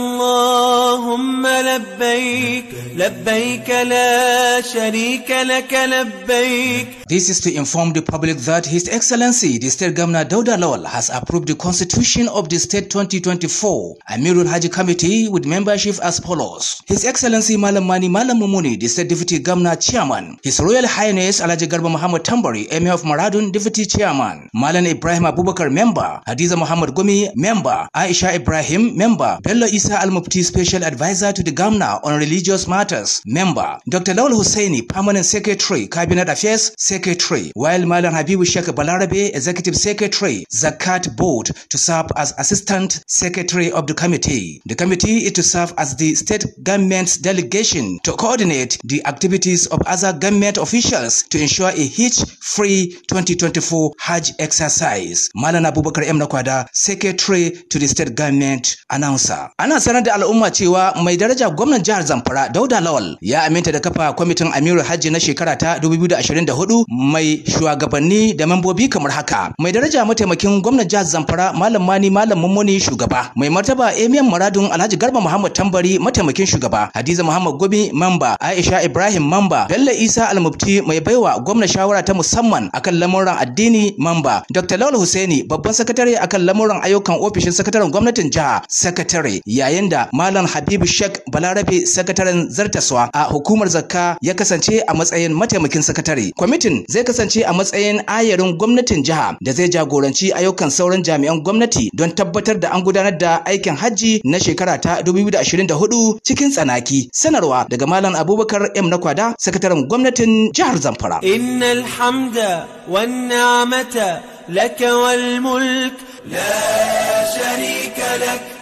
الله اللهم لبيك لبيك لا شريك لك لبيك This is to inform the public that His Excellency the State Governor Dauda Lawal has approved the Constitution of the State 2024 Amirul Haji Committee with membership as follows. His Excellency Malam Malamumuni, Malam Mumuni, the State Deputy Governor Chairman. His Royal Highness Alaji Garba Muhammad Tambari, Emir of Maradun, Deputy Chairman. Malan Ibrahim Abubakar, Member. Hadiza Muhammad Gumi, Member. Aisha Ibrahim, Member. Bello Isa Al-Mufti, Special Advisor. advisor to the governor on religious matters, member. Dr. Lawal Hussaini, permanent secretary, cabinet affairs secretary, while Malam Habibu Sheikh Balarabe, executive secretary, Zakat board to serve as assistant secretary of the committee. The committee is to serve as the state government's delegation to coordinate the activities of other government officials to ensure a hitch-free 2024 Hajj exercise. Malam Abubakar M. Nakwada, secretary to the state government announcer. Ana sanar da al'umma cewa mai daraja gwamnan jihar Zamfara Dauda Lawal ya aminta da kafa kwamitin Amiru Hajji na shekara ta 2024 mai shugabanni da mambobi kamar haka. Mai daraja mataimakin gwamnan jihar Zamfara Malam Mani Malam Mummuni shugaba. Mai martaba Emiyan Muradun Alhaji Garba Muhammad Tambari mataimakin shugaba. Hadiza Muhammad Gobi mamba, Aisha Ibrahim mamba, Bello Isa Almufti mai baiwa gwamnan shawara ta musamman akan lamuran addini mamba. Dr. Lawal Hussaini babban sakatare akan lamuran ayyukan ofishin sakataren gwamnatin jiha sakatare yayin da Malam Habib Habibu Sheikh Balarabe sakataren zartaswa a hukumar zakka ya kasance a matsayin mataimakin sakatare. Kwamitin zai kasance a matsayin ayarin gwamnatin jiha da zai jagoranci ayyukan sauran jami'an gwamnati don tabbatar da an gudanar da aikin hajji na shekara ta 2024 cikin tsanaki. Sanarwa daga Malam Abubakar M Nakwada sakataren gwamnatin jihar Zamfara. Innal hamda wan ni'mata laka wal mulk la sharika lak